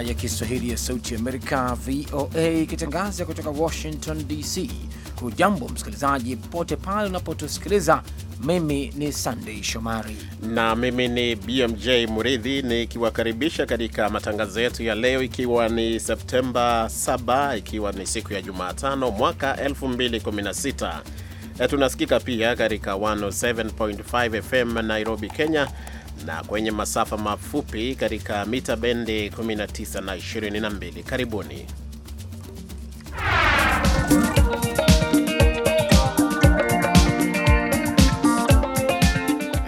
idhaa ya Kiswahili ya Sauti Amerika, VOA, ikitangaza kutoka Washington DC. Hujambo msikilizaji, popote pale unapotusikiliza. Mimi ni Sandei Shomari na mimi ni BMJ Muridhi nikiwakaribisha katika matangazo yetu ya leo, ikiwa ni Septemba 7 ikiwa ni siku ya Jumatano mwaka 2016. E, tunasikika pia katika 107.5 FM Nairobi, Kenya na kwenye masafa mafupi katika mita bendi 19 na 22. Karibuni.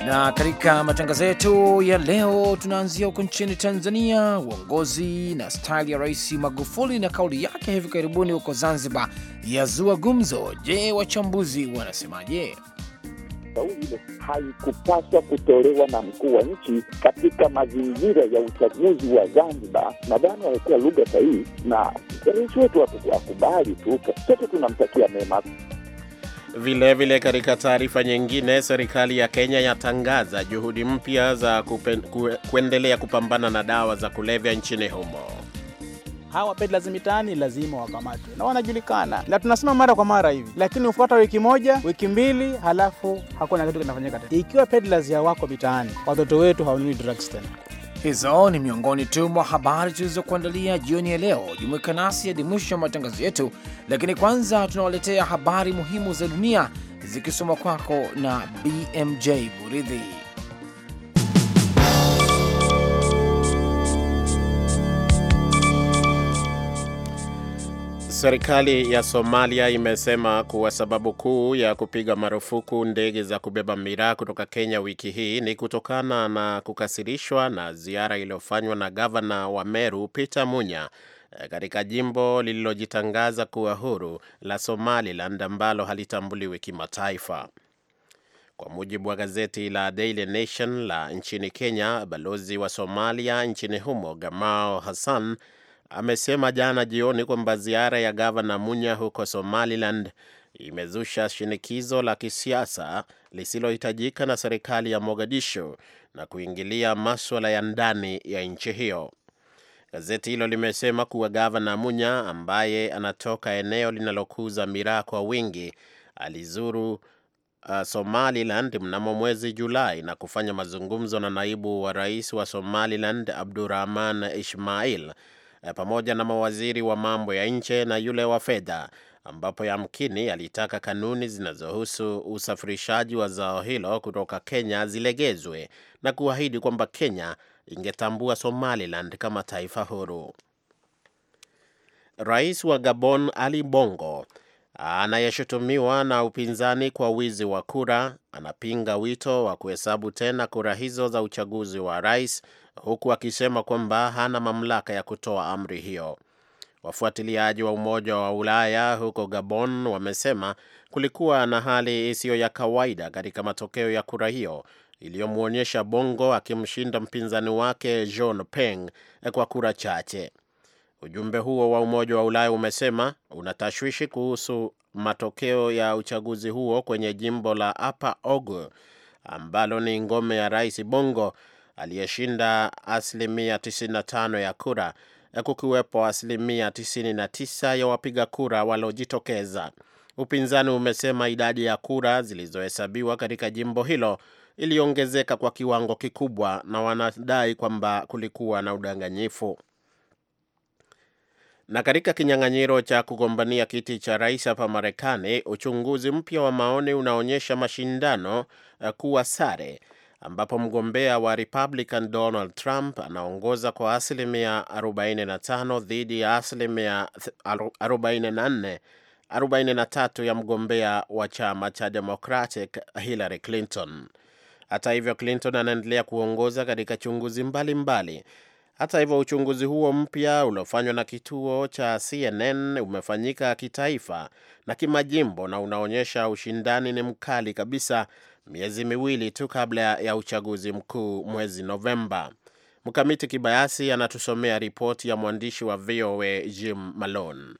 Na katika matangazo yetu ya leo tunaanzia huko nchini Tanzania. Uongozi na staili ya Rais Magufuli na kauli yake hivi karibuni huko Zanzibar yazua gumzo. Je, wachambuzi wanasemaje? kauli ile haikupaswa kutolewa na mkuu wa nchi katika mazingira ya uchaguzi wa Zanzibar. Nadhani alikuwa lugha sahihi, na rais wetu akubali tu, sote tunamtakia mema. Vilevile, katika taarifa nyingine, serikali ya Kenya yatangaza juhudi mpya za kupen, kuendelea kupambana na dawa za kulevya nchini humo hawa peddlers mitaani lazima wakamatwe na wanajulikana, na tunasema mara kwa mara hivi, lakini hufuata wiki moja, wiki mbili, halafu hakuna kitu kinafanyika tena. Ikiwa peddlers ya wako mitaani, watoto wetu hawanunui drugs tena. Hizo ni miongoni tu mwa habari tulizokuandalia jioni ya leo. Jumuika nasi hadi mwisho wa matangazo yetu, lakini kwanza tunawaletea habari muhimu za dunia zikisoma kwako na BMJ Buridhi. Serikali ya Somalia imesema kuwa sababu kuu ya kupiga marufuku ndege za kubeba miraa kutoka Kenya wiki hii ni kutokana na kukasirishwa na ziara iliyofanywa na gavana wa Meru Peter Munya eh, katika jimbo lililojitangaza kuwa huru la Somaliland ambalo halitambuliwi kimataifa. Kwa mujibu wa gazeti la Daily Nation la nchini Kenya, balozi wa Somalia nchini humo Gamao Hassan amesema jana jioni kwamba ziara ya gavana Munya huko Somaliland imezusha shinikizo la kisiasa lisilohitajika na serikali ya Mogadishu na kuingilia maswala ya ndani ya nchi hiyo. Gazeti hilo limesema kuwa gavana Munya ambaye anatoka eneo linalokuza miraa kwa wingi alizuru uh, Somaliland mnamo mwezi Julai na kufanya mazungumzo na naibu wa rais wa Somaliland Abdurahman Ismail Eh, pamoja na mawaziri wa mambo ya nje na yule wa fedha, ambapo yamkini alitaka kanuni zinazohusu usafirishaji wa zao hilo kutoka Kenya zilegezwe na kuahidi kwamba Kenya ingetambua Somaliland kama taifa huru. Rais wa Gabon Ali Bongo anayeshutumiwa na upinzani kwa wizi wa kura anapinga wito wa kuhesabu tena kura hizo za uchaguzi wa rais huku akisema kwamba hana mamlaka ya kutoa amri hiyo. Wafuatiliaji wa Umoja wa Ulaya huko Gabon wamesema kulikuwa na hali isiyo ya kawaida katika matokeo ya kura hiyo iliyomwonyesha Bongo akimshinda mpinzani wake Jean Ping kwa kura chache. Ujumbe huo wa Umoja wa Ulaya umesema unatashwishi kuhusu matokeo ya uchaguzi huo kwenye jimbo la Apa Ogo ambalo ni ngome ya Rais Bongo aliyeshinda asilimia 95 ya kura, eh, kukiwepo asilimia 99 ya wapiga kura waliojitokeza. Upinzani umesema idadi ya kura zilizohesabiwa katika jimbo hilo iliongezeka kwa kiwango kikubwa, na wanadai kwamba kulikuwa na udanganyifu. Na katika kinyang'anyiro cha kugombania kiti cha rais hapa Marekani, uchunguzi mpya wa maoni unaonyesha mashindano eh, kuwa sare ambapo mgombea wa Republican Donald Trump anaongoza kwa asilimia 45 dhidi ya asilimia 44 43 ya mgombea wa chama cha Democratic Hillary Clinton. Hata hivyo, Clinton anaendelea kuongoza katika chunguzi mbalimbali mbali, hata hivyo, uchunguzi huo mpya uliofanywa na kituo cha CNN umefanyika kitaifa na kimajimbo na unaonyesha ushindani ni mkali kabisa, miezi miwili tu kabla ya uchaguzi mkuu mwezi Novemba. Mkamiti Kibayasi anatusomea ripoti ya mwandishi wa VOA Jim Malone.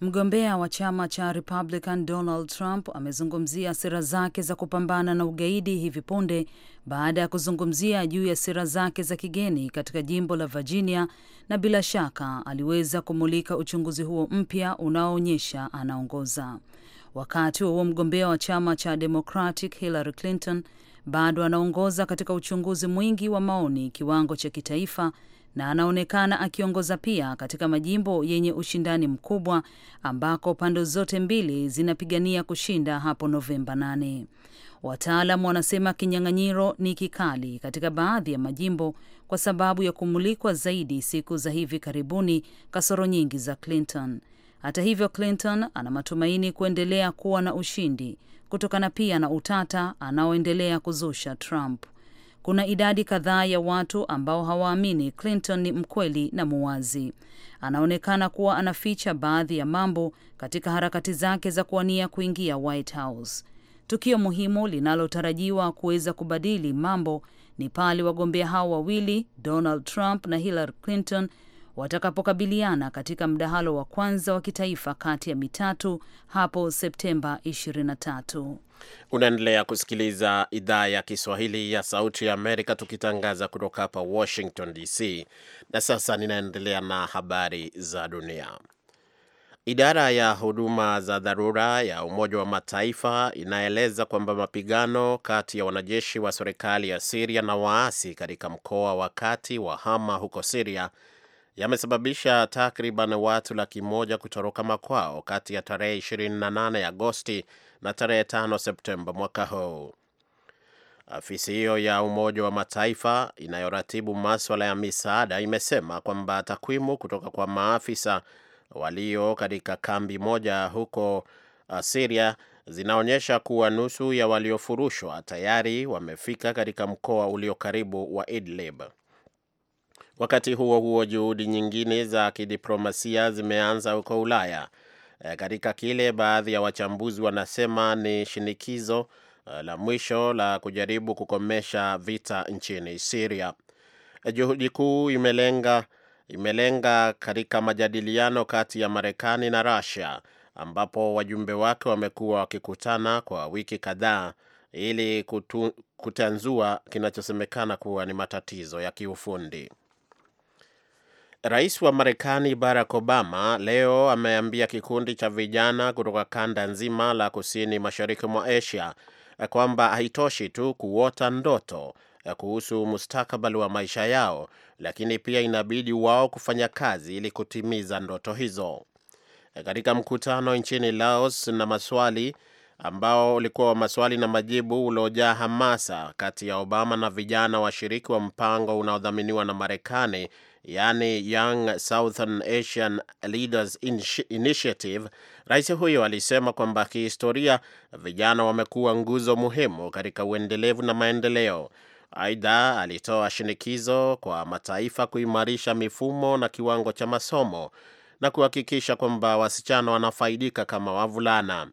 Mgombea wa chama cha Republican Donald Trump amezungumzia sera zake za kupambana na ugaidi hivi punde baada ya kuzungumzia juu ya sera zake za kigeni katika jimbo la Virginia, na bila shaka aliweza kumulika uchunguzi huo mpya unaoonyesha anaongoza. Wakati huo mgombea wa chama cha Democratic Hillary Clinton bado anaongoza katika uchunguzi mwingi wa maoni kiwango cha kitaifa na anaonekana akiongoza pia katika majimbo yenye ushindani mkubwa ambako pande zote mbili zinapigania kushinda hapo Novemba 8. Wataalam wanasema kinyang'anyiro ni kikali katika baadhi ya majimbo kwa sababu ya kumulikwa zaidi siku za hivi karibuni kasoro nyingi za Clinton. Hata hivyo, Clinton ana matumaini kuendelea kuwa na ushindi kutokana pia na utata anaoendelea kuzusha Trump kuna idadi kadhaa ya watu ambao hawaamini Clinton ni mkweli na muwazi. Anaonekana kuwa anaficha baadhi ya mambo katika harakati zake za kuwania kuingia White House. Tukio muhimu linalotarajiwa kuweza kubadili mambo ni pale wagombea hao wawili Donald Trump na Hillary Clinton watakapokabiliana katika mdahalo wa kwanza wa kitaifa kati ya mitatu hapo Septemba 23. Unaendelea kusikiliza idhaa ya Kiswahili ya Sauti ya Amerika, tukitangaza kutoka hapa Washington DC. Na sasa ninaendelea na habari za dunia. Idara ya huduma za dharura ya Umoja wa Mataifa inaeleza kwamba mapigano kati ya wanajeshi wa serikali ya Siria na waasi katika mkoa wa kati wa Hama huko Siria yamesababisha takriban watu laki moja kutoroka makwao kati ya tarehe 28 Agosti na tarehe 5 Septemba mwaka huu. Afisi hiyo ya Umoja wa Mataifa inayoratibu maswala ya misaada imesema kwamba takwimu kutoka kwa maafisa walio katika kambi moja huko uh, Siria zinaonyesha kuwa nusu ya waliofurushwa tayari wamefika katika mkoa ulio karibu wa Idlib. Wakati huo huo, juhudi nyingine za kidiplomasia zimeanza huko Ulaya Eh, katika kile baadhi ya wachambuzi wanasema ni shinikizo eh, la mwisho la kujaribu kukomesha vita nchini Syria. Eh, juhudi kuu imelenga, imelenga katika majadiliano kati ya Marekani na Russia ambapo wajumbe wake wamekuwa wakikutana kwa wiki kadhaa ili kutu, kutanzua kinachosemekana kuwa ni matatizo ya kiufundi. Rais wa Marekani Barack Obama leo ameambia kikundi cha vijana kutoka kanda nzima la kusini mashariki mwa Asia kwamba haitoshi tu kuota ndoto kuhusu mustakabali wa maisha yao, lakini pia inabidi wao kufanya kazi ili kutimiza ndoto hizo. Katika mkutano nchini Laos na maswali ambao ulikuwa wa maswali na majibu uliojaa hamasa kati ya Obama na vijana washiriki wa mpango unaodhaminiwa na Marekani yaani Young Southern Asian Leaders Initiative, rais huyo alisema kwamba kihistoria vijana wamekuwa nguzo muhimu katika uendelevu na maendeleo. Aidha, alitoa shinikizo kwa mataifa kuimarisha mifumo na kiwango cha masomo na kuhakikisha kwamba wasichana wanafaidika kama wavulana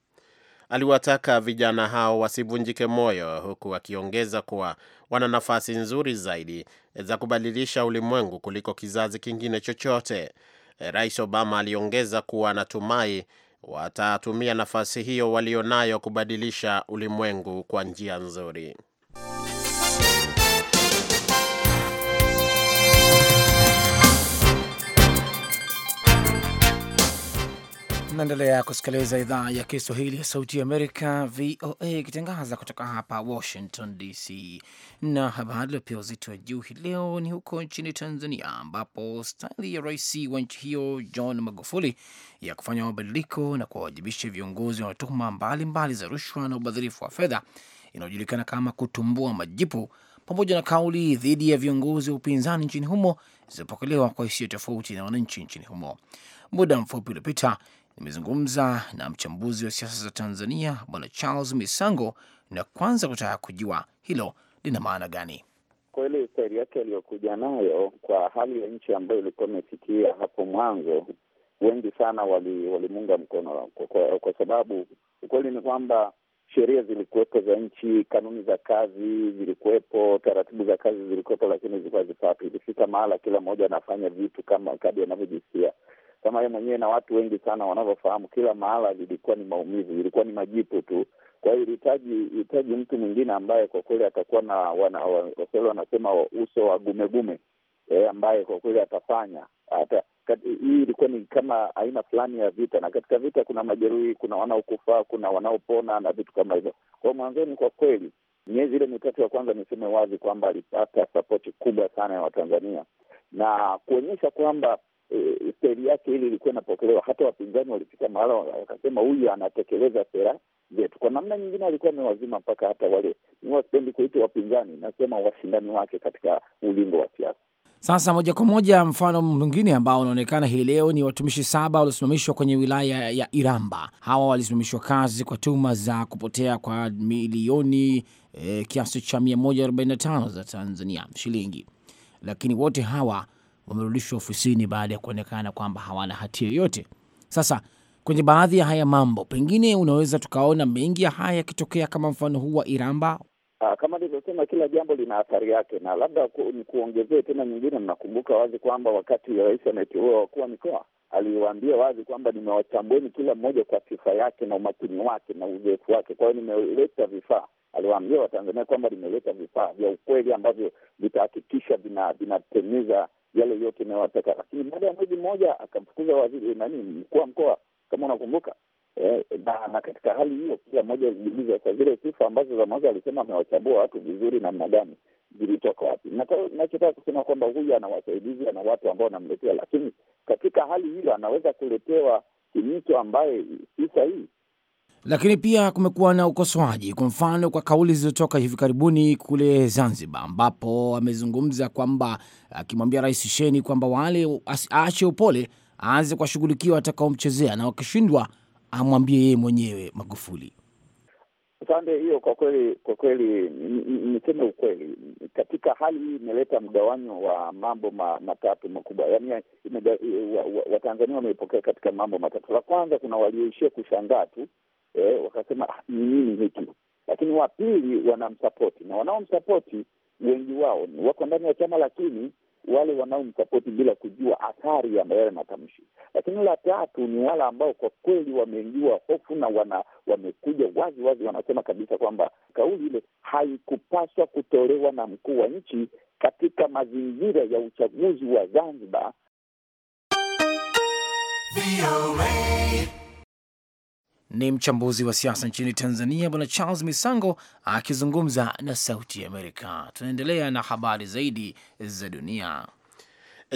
aliwataka vijana hao wasivunjike moyo, huku akiongeza kuwa wana nafasi nzuri zaidi za kubadilisha ulimwengu kuliko kizazi kingine chochote. Rais Obama aliongeza kuwa anatumai watatumia nafasi hiyo walionayo kubadilisha ulimwengu kwa njia nzuri. Naendelea kusikiliza idhaa ya Kiswahili ya Sauti ya Amerika, VOA, ikitangaza kutoka hapa Washington DC. Na habari iliyopewa uzito wa juu hii leo ni huko nchini Tanzania, ambapo staili ya rais wa nchi hiyo John Magufuli ya kufanya mabadiliko na kuwawajibisha viongozi wa tuhuma mbalimbali za rushwa na ubadhirifu wa fedha inayojulikana kama kutumbua majipu, pamoja na kauli dhidi ya viongozi wa upinzani nchini humo zilizopokelewa kwa hisia tofauti na wananchi nchini humo. Muda mfupi uliopita nimezungumza na mchambuzi wa siasa za Tanzania Bwana Charles Misango, na kwanza kutaka kujua hilo lina maana gani. Kweli staili yake aliyokuja nayo kwa hali ya nchi ambayo ilikuwa imefikia hapo mwanzo, wengi sana walimuunga wali mkono kwa, kwa, kwa sababu ukweli ni kwamba sheria zilikuwepo za nchi, kanuni za kazi zilikuwepo, taratibu za kazi zilikuwepo, lakini zilikuwa zipatu. Ilifika mahala kila mmoja anafanya vitu kama kadi anavyojisikia kama yeye mwenyewe na watu wengi sana wanavyofahamu, kila mahala ilikuwa ni maumivu, ilikuwa ni majipu tu. Kwa hiyo ilihitaji hitaji mtu mwingine ambaye kwa kweli atakuwa na Waswahili wanasema uso wa gumegume e, ambaye kwa kweli atafanya ata hii ilikuwa ni kama aina fulani ya vita, na katika vita kuna majeruhi, kuna wanaokufa, kuna wanaopona na vitu kama hivyo. Kwa mwanzoni, kwa kweli, miezi ile mitatu ya kwanza, niseme wazi kwamba alipata sapoti kubwa sana ya Watanzania na kuonyesha kwamba e, eh, seri yake hili ilikuwa inapokelewa. Hata wapinzani walifika mahala wakasema huyu anatekeleza sera zetu. Kwa namna nyingine alikuwa amewazima mpaka hata wale, sipendi kuita wapinzani, nasema washindani wake katika ulingo wa siasa. Sasa moja kwa moja, mfano mwingine ambao unaonekana hii leo ni watumishi saba waliosimamishwa kwenye wilaya ya Iramba. Hawa walisimamishwa kazi kwa tuhuma za kupotea kwa milioni eh, kiasi cha 145 za Tanzania shilingi, lakini wote hawa wamerudishwa ofisini baada ya kuonekana kwamba hawana hatia yoyote. Sasa kwenye baadhi ya haya mambo, pengine unaweza tukaona mengi ya haya yakitokea kama mfano huu wa Iramba. Ah, kama nilivyosema, kila jambo lina athari yake, na labda ku, ni kuongezee tena nyingine. Mnakumbuka wazi kwamba wakati rais ameteua wakuu wa mikoa aliwaambia wazi kwamba nimewatambueni kila mmoja kwa sifa yake na umakini wake na uzoefu wake. Kwa hiyo nimeleta vifaa, aliwaambia Watanzania kwamba nimeleta vifaa vya ukweli ambavyo vitahakikisha vinatimiza yale yote inayowataka, lakini baada ya mwezi mmoja akamfukuza waziri nani, mkuu wa mkoa kama unakumbuka. Eh, na, na katika hali hiyo kila mmoja alijiuliza sa zile sifa ambazo za mwanzo alisema amewachambua watu vizuri namna gani zilitoka wapi? Nachotaka kusema kwamba huyu ana wasaidizi, ana watu ambao wanamletea, lakini katika hali hiyo anaweza kuletewa kimicho ambaye si sahihi. Lakini pia kumekuwa na ukosoaji, kwa mfano kwa kauli zilizotoka hivi karibuni kule Zanzibar, ambapo amezungumza kwamba akimwambia Rais Sheni kwamba wale aache upole, aanze kuwashughulikia watakaomchezea, na wakishindwa amwambie yeye mwenyewe Magufuli. Sande, hiyo kwa kweli, kwa kweli niseme ukweli, katika hali hii imeleta mgawanyo wa mambo ma, matatu makubwa. Yani Watanzania wa, wa, wameipokea katika mambo matatu. La kwanza, kuna walioishia kushangaa tu eh, wakasema ah, ni nini hiki. Lakini wa pili wanamsapoti na wanaomsapoti wengi wao ni wako ndani ya chama, lakini wale wanaomsapoti bila kujua athari ya yale matamshi. Lakini la tatu ni wale ambao kwa kweli wameingiwa hofu na wana, wamekuja wazi wazi wanasema kabisa kwamba kauli ile haikupaswa kutolewa na mkuu wa nchi katika mazingira ya uchaguzi wa Zanzibar. Ni mchambuzi wa siasa nchini Tanzania, Bwana Charles Misango akizungumza na Sauti ya Amerika. Tunaendelea na habari zaidi za dunia.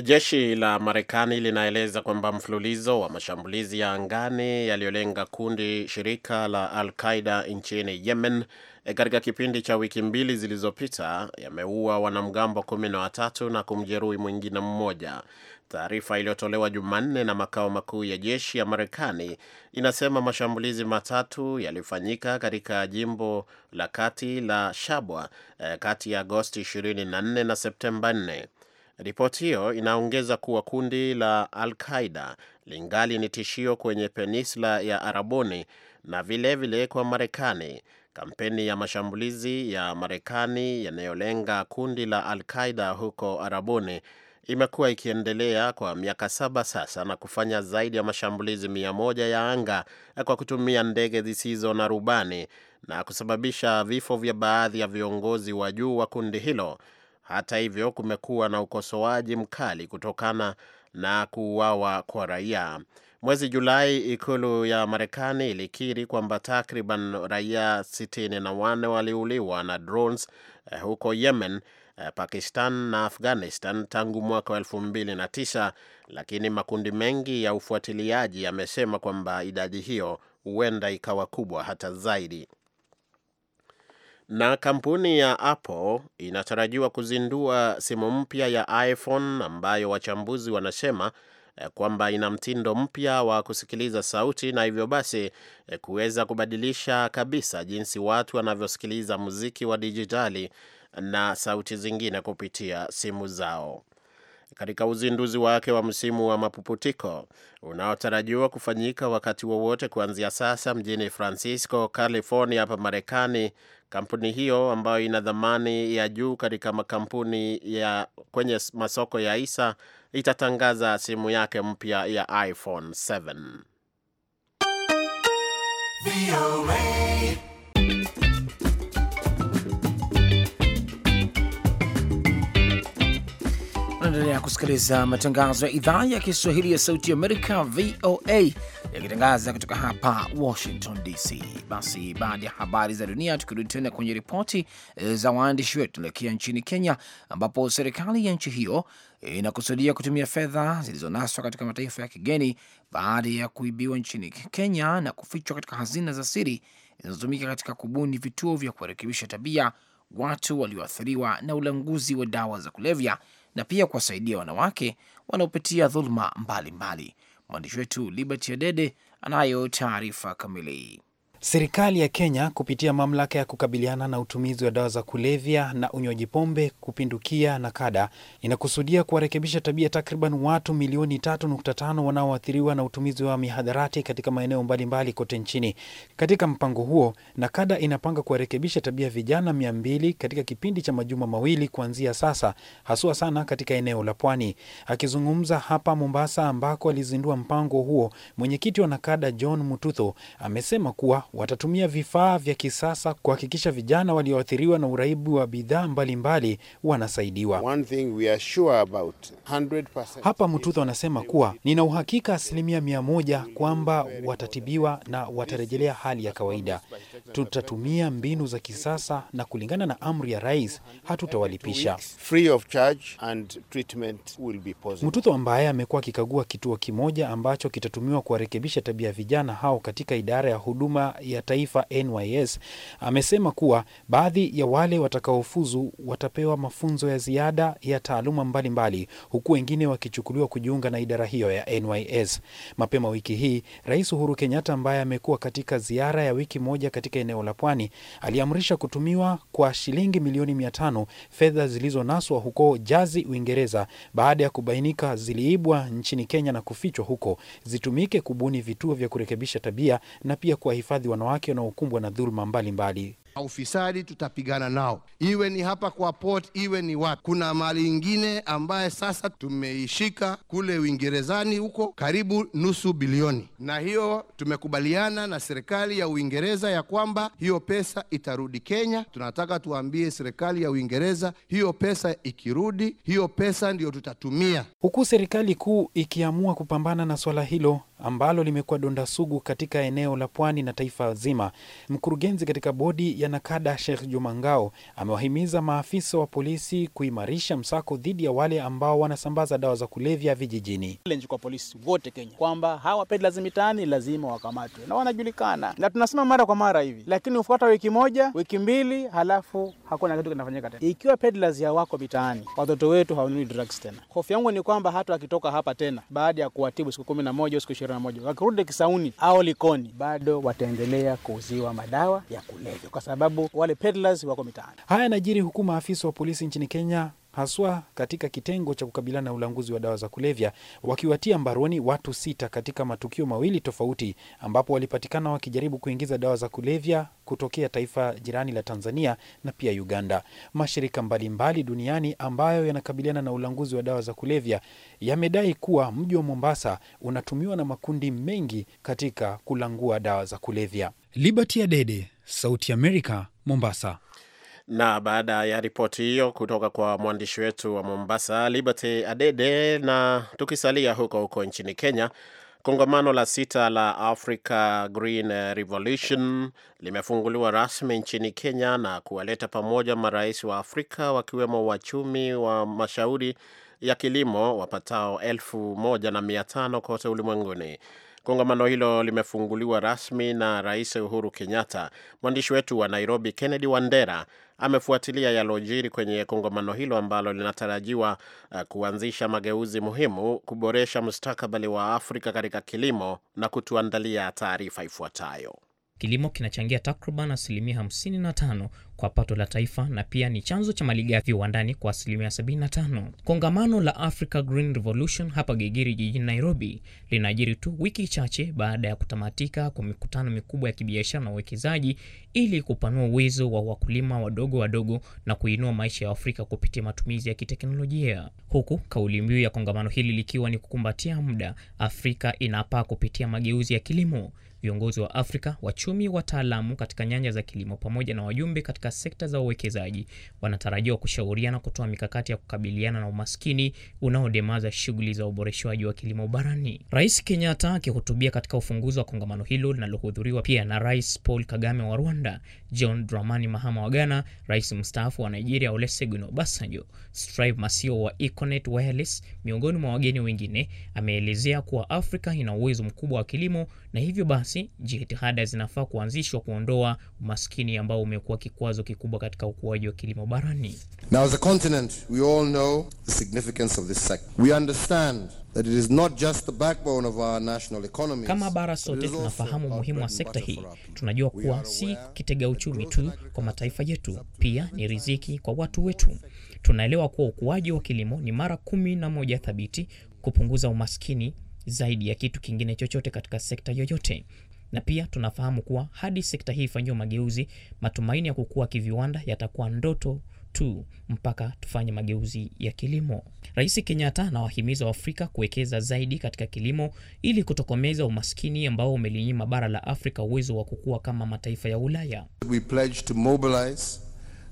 Jeshi la Marekani linaeleza kwamba mfululizo wa mashambulizi ya angani yaliyolenga kundi shirika la Al Qaida nchini Yemen E, katika kipindi cha wiki mbili zilizopita yameua wanamgambo kumi na watatu na kumjeruhi mwingine mmoja. Taarifa iliyotolewa Jumanne na makao makuu ya jeshi ya Marekani inasema mashambulizi matatu yalifanyika katika jimbo la kati la Shabwa e, kati ya Agosti 24 na Septemba 4. Ripoti hiyo inaongeza kuwa kundi la Al Qaida lingali ni tishio kwenye peninsula ya Arabuni na vilevile vile kwa Marekani Kampeni ya mashambulizi ya Marekani yanayolenga kundi la Al-Qaida huko Arabuni imekuwa ikiendelea kwa miaka saba sasa na kufanya zaidi ya mashambulizi mia moja ya anga kwa kutumia ndege zisizo na rubani na kusababisha vifo vya baadhi ya viongozi wa juu wa kundi hilo. Hata hivyo, kumekuwa na ukosoaji mkali kutokana na kuuawa kwa raia. Mwezi Julai, ikulu ya Marekani ilikiri kwamba takriban raia wane waliuliwa na drones eh, huko Yemen, eh, Pakistan na Afghanistan tangu mwaka wa 2009, lakini makundi mengi ya ufuatiliaji yamesema kwamba idadi hiyo huenda ikawa kubwa hata zaidi. Na kampuni ya Apple inatarajiwa kuzindua simu mpya ya iPhone ambayo wachambuzi wanasema Eh, kwamba ina mtindo mpya wa kusikiliza sauti na hivyo basi eh, kuweza kubadilisha kabisa jinsi watu wanavyosikiliza muziki wa dijitali na sauti zingine kupitia simu zao. Katika uzinduzi wake wa msimu wa mapuputiko unaotarajiwa kufanyika wakati wowote kuanzia sasa mjini Francisco, California, hapa Marekani, kampuni hiyo ambayo ina dhamani ya juu katika makampuni ya kwenye masoko ya isa itatangaza simu yake mpya ya iPhone 7. Endelea kusikiliza matangazo ya idhaa ya Kiswahili ya Sauti Amerika, VOA, yakitangaza kutoka hapa Washington DC. Basi baada ya habari za dunia, tukirudi tena kwenye ripoti eh, za waandishi wetu, tunaelekea nchini Kenya ambapo serikali ya nchi hiyo eh, inakusudia kutumia fedha zilizonaswa katika mataifa ya kigeni baada ya kuibiwa nchini Kenya na kufichwa katika hazina za siri zinazotumika katika kubuni vituo vya kuwarekebisha tabia watu walioathiriwa na ulanguzi wa dawa za kulevya na pia kuwasaidia wanawake wanaopitia dhuluma mbalimbali. Mwandishi wetu liberty Adede anayo taarifa kamili. Serikali ya Kenya kupitia mamlaka ya kukabiliana na utumizi wa dawa za kulevya na unywaji pombe kupindukia na kada inakusudia kuwarekebisha tabia takriban watu milioni 3.5 wanaoathiriwa na utumizi wa mihadharati katika maeneo mbalimbali kote nchini. Katika mpango huo, nakada inapanga kuwarekebisha tabia vijana 200 katika kipindi cha majuma mawili kuanzia sasa, haswa sana katika eneo la Pwani. Akizungumza hapa Mombasa ambako alizindua mpango huo, mwenyekiti wa nakada John Mututho amesema kuwa watatumia vifaa vya kisasa kuhakikisha vijana walioathiriwa na uraibu wa bidhaa mbalimbali wanasaidiwa. sure about, hapa Mututho anasema kuwa nina uhakika asilimia mia moja kwamba watatibiwa na watarejelea hali ya kawaida. Tutatumia mbinu za kisasa na kulingana na amri ya rais hatutawalipisha. Mututho ambaye amekuwa akikagua kituo kimoja ambacho kitatumiwa kuwarekebisha tabia ya vijana hao katika idara ya huduma ya Taifa NYS amesema kuwa baadhi ya wale watakaofuzu watapewa mafunzo ya ziada ya taaluma mbalimbali, huku wengine wakichukuliwa kujiunga na idara hiyo ya NYS. Mapema wiki hii, Rais Uhuru Kenyatta ambaye amekuwa katika ziara ya wiki moja katika eneo la Pwani aliamrisha kutumiwa kwa shilingi milioni mia tano fedha zilizonaswa huko Jazi, Uingereza, baada ya kubainika ziliibwa nchini Kenya na kufichwa huko, zitumike kubuni vituo vya kurekebisha tabia na pia kuwahifadhi wanawake wanaokumbwa na dhuluma mbalimbali ufisadi tutapigana nao, iwe ni hapa kwa port, iwe ni wapi. Kuna mali ingine ambaye sasa tumeishika kule Uingerezani huko karibu nusu bilioni, na hiyo tumekubaliana na serikali ya Uingereza ya kwamba hiyo pesa itarudi Kenya. Tunataka tuambie serikali ya Uingereza hiyo pesa ikirudi, hiyo pesa ndiyo tutatumia, huku serikali kuu ikiamua kupambana na swala hilo ambalo limekuwa donda sugu katika eneo la pwani na taifa zima. Mkurugenzi katika bodi ya pamoja na kada Sheikh Juma Ngao amewahimiza maafisa wa polisi kuimarisha msako dhidi ya wale ambao wanasambaza dawa za kulevya vijijini. Challenge kwa polisi wote Kenya kwamba hawa peddlers mitaani lazima wakamatwe na wanajulikana, na tunasema mara kwa mara hivi, lakini hufuata wiki moja, wiki mbili, halafu hakuna kitu kinafanyika tena. Ikiwa peddlers wako mitaani, watoto wetu hawanunui drugs tena. Hofu yangu ni kwamba hata wakitoka hapa tena baada ya kuwatibu siku kumi na moja siku ishirini na moja wakirudi Kisauni au Likoni, bado wataendelea kuuziwa madawa ya kulevya kwa sababu sababu wale peddlers wako mitaani. Haya yanajiri huku maafisa wa polisi nchini Kenya haswa katika kitengo cha kukabiliana na ulanguzi wa dawa za kulevya wakiwatia mbaroni watu sita katika matukio mawili tofauti ambapo walipatikana wakijaribu kuingiza dawa za kulevya kutokea taifa jirani la Tanzania na pia Uganda. Mashirika mbalimbali mbali duniani ambayo yanakabiliana na ulanguzi wa dawa za kulevya yamedai kuwa mji wa Mombasa unatumiwa na makundi mengi katika kulangua dawa za kulevya. Liberty Adede, Sauti Amerika, Mombasa. Na baada ya ripoti hiyo kutoka kwa mwandishi wetu wa Mombasa, Liberty Adede. Na tukisalia huko huko nchini Kenya, kongamano la sita la Africa Green Revolution limefunguliwa rasmi nchini Kenya na kuwaleta pamoja marais wa Afrika wakiwemo wachumi wa mashauri ya kilimo wapatao elfu moja na mia tano kote ulimwenguni. Kongamano hilo limefunguliwa rasmi na Rais Uhuru Kenyatta. Mwandishi wetu wa Nairobi, Kennedy Wandera, amefuatilia yalojiri kwenye kongamano hilo ambalo linatarajiwa uh, kuanzisha mageuzi muhimu kuboresha mustakabali wa Afrika katika kilimo na kutuandalia taarifa ifuatayo. Kilimo kinachangia takriban asilimia 55 kwa pato la taifa na pia ni chanzo cha malighafi viwandani kwa asilimia 75. Kongamano la Africa Green Revolution hapa Gigiri jijini Nairobi linaajiri tu wiki chache baada ya kutamatika kwa mikutano mikubwa ya kibiashara na uwekezaji ili kupanua uwezo wa wakulima wadogo wadogo na kuinua maisha ya Afrika kupitia matumizi ya kiteknolojia, huku kauli mbiu ya kongamano hili likiwa ni kukumbatia muda, Afrika inapaa kupitia mageuzi ya kilimo viongozi wa Afrika, wachumi, wataalamu katika nyanja za kilimo pamoja na wajumbe katika sekta za uwekezaji wanatarajiwa kushauriana kutoa mikakati ya kukabiliana na umaskini unaodemaza shughuli za uboreshwaji wa kilimo barani. Rais Kenyatta akihutubia katika ufunguzi wa kongamano hilo linalohudhuriwa pia na Rais Paul Kagame wa Rwanda, John Dramani Mahama wa Ghana, Rais mstaafu wa Nigeria Olusegun Obasanjo, Strive Masio wa Econet Wireless miongoni mwa wageni wengine, ameelezea kuwa Afrika ina uwezo mkubwa wa kilimo na hivyo basi basi jitihada zinafaa kuanzishwa kuondoa umaskini ambao umekuwa kikwazo kikubwa katika ukuaji wa kilimo barani. Now as a continent, we all know the significance of this sector. We understand That it is not just the backbone of our national Kama bara sote tunafahamu umuhimu wa sekta hii. Tunajua kuwa si kitega uchumi tu kwa mataifa yetu, pia ni riziki kwa watu wetu. Tunaelewa kuwa ukuaji wa kilimo ni mara kumi na moja thabiti kupunguza umaskini zaidi ya kitu kingine chochote katika sekta yoyote na pia tunafahamu kuwa hadi sekta hii ifanyiwe mageuzi, matumaini ya kukua kiviwanda yatakuwa ndoto tu mpaka tufanye mageuzi ya kilimo. Rais Kenyatta anawahimiza Waafrika kuwekeza zaidi katika kilimo ili kutokomeza umaskini ambao umelinyima bara la Afrika uwezo wa kukua kama mataifa ya Ulaya. We pledge to mobilize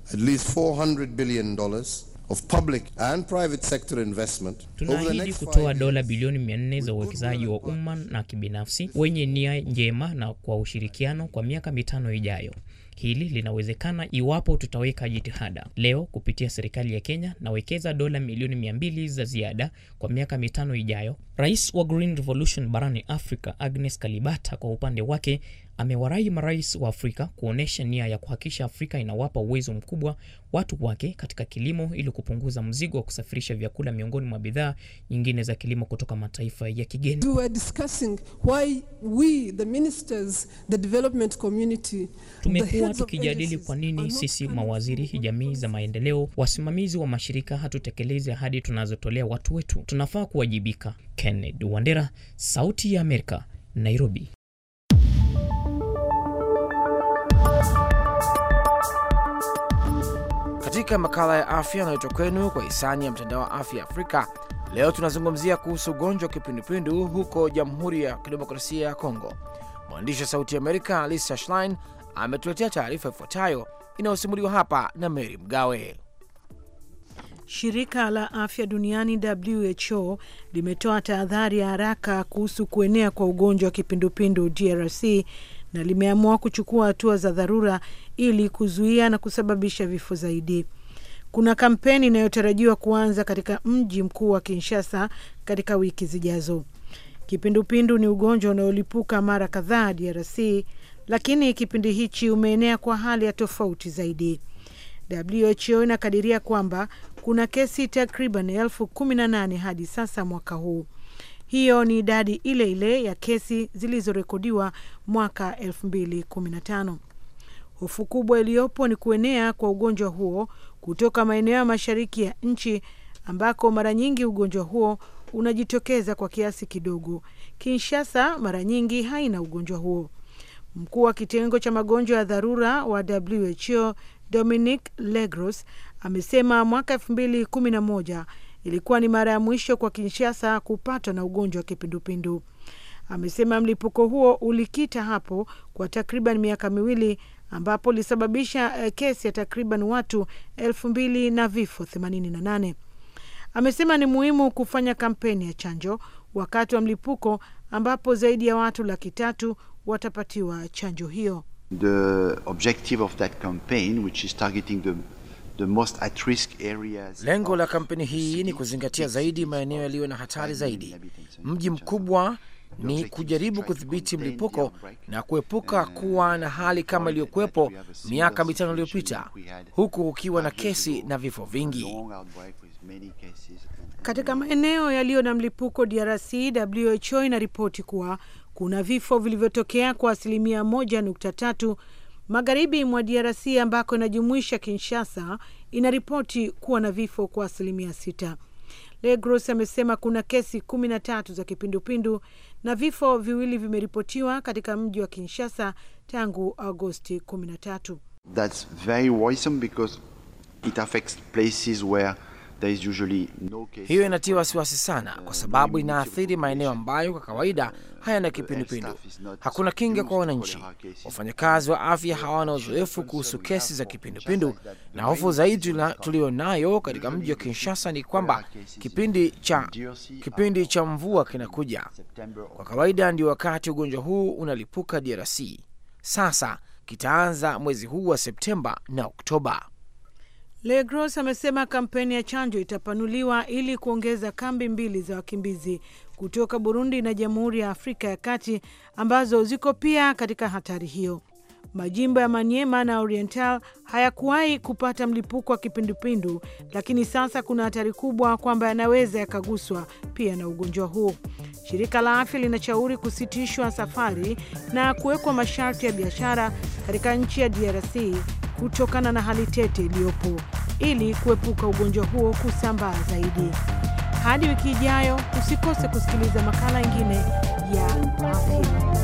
at least 400 billion dollars of public and private sector investment. Tunaahidi kutoa dola bilioni nne za uwekezaji wa umma na kibinafsi wenye nia njema na kwa ushirikiano kwa miaka mitano ijayo. Hili linawezekana iwapo tutaweka jitihada. Leo kupitia serikali ya Kenya nawekeza dola milioni mia mbili za ziada kwa miaka mitano ijayo. Rais wa Green Revolution barani Afrika Agnes Kalibata kwa upande wake amewarai marais wa Afrika kuonyesha nia ya kuhakikisha Afrika inawapa uwezo mkubwa watu wake katika kilimo ili kupunguza mzigo wa kusafirisha vyakula miongoni mwa bidhaa nyingine za kilimo kutoka mataifa ya kigeni. We were discussing why we the ministers the development community. Tumekuwa tukijadili kwa nini sisi mawaziri, jamii za maendeleo, wasimamizi wa mashirika hatutekelezi ahadi tunazotolea watu wetu. Tunafaa kuwajibika. Kenneth Wandera, Sauti ya Amerika, Nairobi. Katika makala ya afya yanayoitwa kwenu kwa hisani ya mtandao wa afya Afrika, leo tunazungumzia kuhusu ugonjwa wa kipindupindu huko Jamhuri ya Kidemokrasia ya Kongo. Mwandishi wa Sauti Amerika Lisa Schlein ametuletea taarifa ifuatayo inayosimuliwa hapa na mery Mgawe. Shirika la afya duniani WHO limetoa tahadhari ya haraka kuhusu kuenea kwa ugonjwa wa kipindupindu DRC na limeamua kuchukua hatua za dharura ili kuzuia na kusababisha vifo zaidi. Kuna kampeni inayotarajiwa kuanza katika mji mkuu wa Kinshasa katika wiki zijazo. Kipindupindu ni ugonjwa unaolipuka mara kadhaa DRC, lakini kipindi hichi umeenea kwa hali ya tofauti zaidi. WHO inakadiria kwamba kuna kesi takriban elfu kumi na nane hadi sasa mwaka huu. Hiyo ni idadi ile ile ya kesi zilizorekodiwa mwaka 2015. Hofu kubwa iliyopo ni kuenea kwa ugonjwa huo kutoka maeneo ya mashariki ya nchi ambako mara nyingi ugonjwa huo unajitokeza kwa kiasi kidogo. Kinshasa mara nyingi haina ugonjwa huo. Mkuu wa kitengo cha magonjwa ya dharura wa WHO Dominic Legros amesema mwaka elfu mbili kumi na moja Ilikuwa ni mara ya mwisho kwa Kinshasa kupatwa na ugonjwa wa kipindupindu. Amesema mlipuko huo ulikita hapo kwa takriban miaka miwili ambapo ulisababisha eh, kesi ya takriban watu elfu mbili na vifo 88. Amesema ni muhimu kufanya kampeni ya chanjo wakati wa mlipuko ambapo zaidi ya watu laki tatu watapatiwa chanjo hiyo. The objective of that campaign which is targeting the The most at risk areas. Lengo la kampeni hii ni kuzingatia zaidi maeneo yaliyo na hatari zaidi. Mji mkubwa ni kujaribu kudhibiti mlipuko na kuepuka uh, kuwa na hali kama iliyokuwepo miaka mitano iliyopita, huku kukiwa na kesi na vifo vingi katika maeneo yaliyo na mlipuko. DRC, WHO inaripoti kuwa kuna vifo vilivyotokea kwa asilimia 1.3 Magharibi mwa DRC ambako inajumuisha Kinshasa inaripoti kuwa na vifo kwa asilimia sita. Legros amesema kuna kesi kumi na tatu za kipindupindu na vifo viwili vimeripotiwa katika mji wa Kinshasa tangu Agosti kumi na tatu no hiyo inatia wasiwasi sana, kwa sababu inaathiri maeneo ambayo kwa kawaida hayana kipindupindu. Hakuna kinga kwa wananchi, wafanyakazi wa afya hawana uzoefu kuhusu kesi za kipindupindu, na hofu zaidi nayo katika mji wa Kinshasa ni kwamba kipindi cha, kipindi cha mvua kinakuja. Kwa kawaida ndio wakati ugonjwa huu unalipuka DRC. Sasa kitaanza mwezi huu wa Septemba na Oktoba. Legros amesema kampeni ya chanjo itapanuliwa ili kuongeza kambi mbili za wakimbizi kutoka Burundi na Jamhuri ya Afrika ya Kati ambazo ziko pia katika hatari hiyo. Majimbo ya Manyema na Oriental hayakuwahi kupata mlipuko wa kipindupindu, lakini sasa kuna hatari kubwa kwamba yanaweza yakaguswa pia na ugonjwa huu. Shirika la afya linashauri kusitishwa safari na kuwekwa masharti ya biashara katika nchi ya DRC kutokana na hali tete iliyopo ili kuepuka ugonjwa huo kusambaa zaidi. Hadi wiki ijayo, usikose kusikiliza makala ingine ya afya.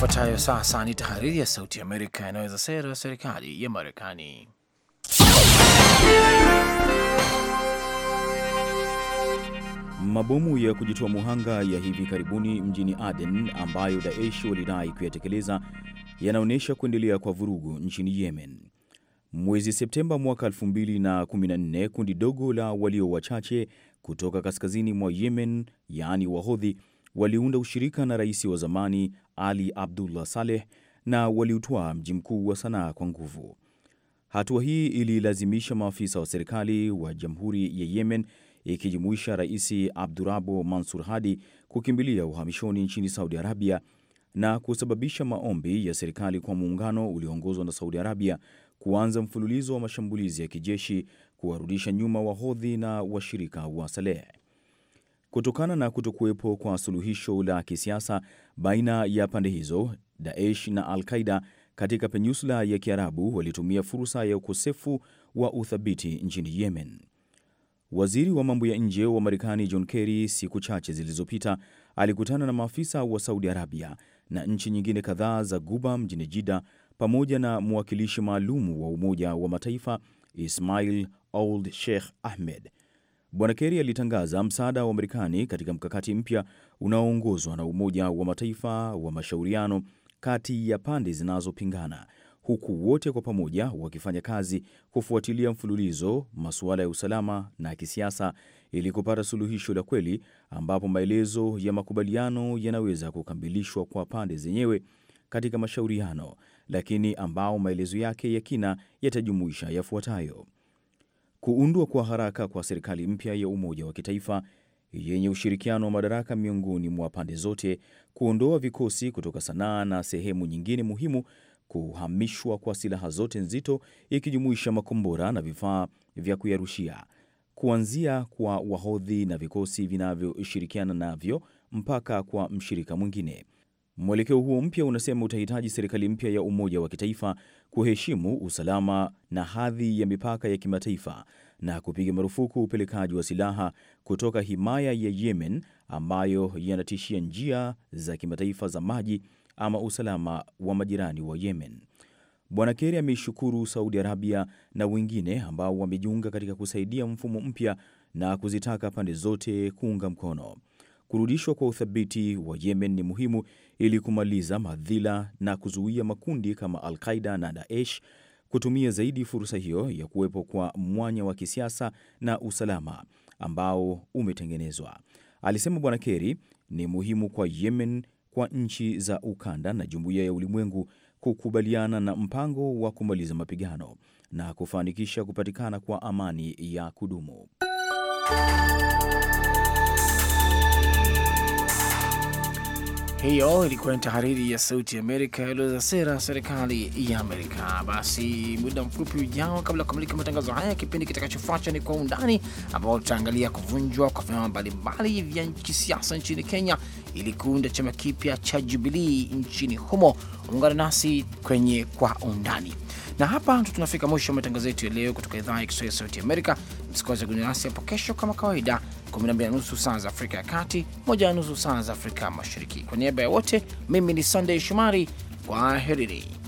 Ifuatayo sasa ni tahariri ya Sauti ya Amerika inayoweza sera ya serikali ya Marekani. Mabomu ya kujitoa muhanga ya hivi karibuni mjini Aden ambayo Daesh walidai kuyatekeleza yanaonyesha kuendelea kwa vurugu nchini Yemen. Mwezi Septemba mwaka 2014 kundi dogo la walio wachache kutoka kaskazini mwa Yemen, yaani Wahodhi, waliunda ushirika na rais wa zamani Ali Abdullah Saleh na waliutwaa mji mkuu wa Sanaa kwa nguvu. Hatua hii ililazimisha maafisa wa serikali wa jamhuri ya Yemen ikijumuisha Rais Abdurabo Mansur Hadi kukimbilia uhamishoni nchini Saudi Arabia na kusababisha maombi ya serikali kwa muungano ulioongozwa na Saudi Arabia kuanza mfululizo wa mashambulizi ya kijeshi kuwarudisha nyuma wahodhi na washirika wa Saleh. Kutokana na kutokuwepo kwa suluhisho la kisiasa baina ya pande hizo, Daesh na Al-Qaida katika peninsula ya Kiarabu walitumia fursa ya ukosefu wa uthabiti nchini Yemen. Waziri wa mambo ya nje wa Marekani John Kerry siku chache zilizopita alikutana na maafisa wa Saudi Arabia na nchi nyingine kadhaa za Guba mjini Jida pamoja na mwakilishi maalum wa Umoja wa Mataifa Ismail old Sheikh Ahmed Bwana Kerry alitangaza msaada wa Marekani katika mkakati mpya unaoongozwa na Umoja wa Mataifa wa mashauriano kati ya pande zinazopingana huku wote kwa pamoja wakifanya kazi kufuatilia mfululizo masuala ya usalama na kisiasa ili kupata suluhisho la kweli ambapo maelezo ya makubaliano yanaweza kukamilishwa kwa pande zenyewe katika mashauriano, lakini ambao maelezo yake ya kina yatajumuisha yafuatayo: kuundwa kwa haraka kwa serikali mpya ya umoja wa kitaifa yenye ushirikiano wa madaraka miongoni mwa pande zote, kuondoa vikosi kutoka Sanaa na sehemu nyingine muhimu, kuhamishwa kwa silaha zote nzito ikijumuisha makombora na vifaa vya kuyarushia, kuanzia kwa wahodhi na vikosi vinavyoshirikiana navyo mpaka kwa mshirika mwingine. Mwelekeo huo mpya unasema utahitaji serikali mpya ya umoja wa kitaifa kuheshimu usalama na hadhi ya mipaka ya kimataifa na kupiga marufuku upelekaji wa silaha kutoka himaya ya Yemen ambayo yanatishia njia za kimataifa za maji ama usalama wa majirani wa Yemen. Bwana Kerry ameishukuru Saudi Arabia na wengine ambao wamejiunga katika kusaidia mfumo mpya na kuzitaka pande zote kuunga mkono. Kurudishwa kwa uthabiti wa Yemen ni muhimu ili kumaliza madhila na kuzuia makundi kama Al-Qaida na Daesh kutumia zaidi fursa hiyo ya kuwepo kwa mwanya wa kisiasa na usalama ambao umetengenezwa, alisema Bwana Kerry. Ni muhimu kwa Yemen, kwa nchi za ukanda na jumuiya ya ulimwengu kukubaliana na mpango wa kumaliza mapigano na kufanikisha kupatikana kwa amani ya kudumu. Hiyo ilikuwa ni tahariri ya Sauti Amerika yaliyoza sera serikali ya Amerika. Basi muda mfupi ujao, kabla ya kukamilika matangazo haya, kipindi kitakachofuata ni Kwa Undani, ambao tutaangalia kuvunjwa kwa vyama mbalimbali vya kisiasa nchini Kenya ili kuunda chama kipya cha Jubilii nchini humo. Ungana nasi kwenye Kwa Undani na hapa ndo tunafika mwisho wa matangazo yetu ya leo kutoka idhaa ya Kiswahili ya Sauti Amerika. Msikose kujiunga nasi hapo kesho kama kawaida 12 na nusu saa za Afrika ya Kati, moja na nusu saa za Afrika Mashariki. Kwa niaba ya wote, mimi ni Sunday Shomari, kwaherini.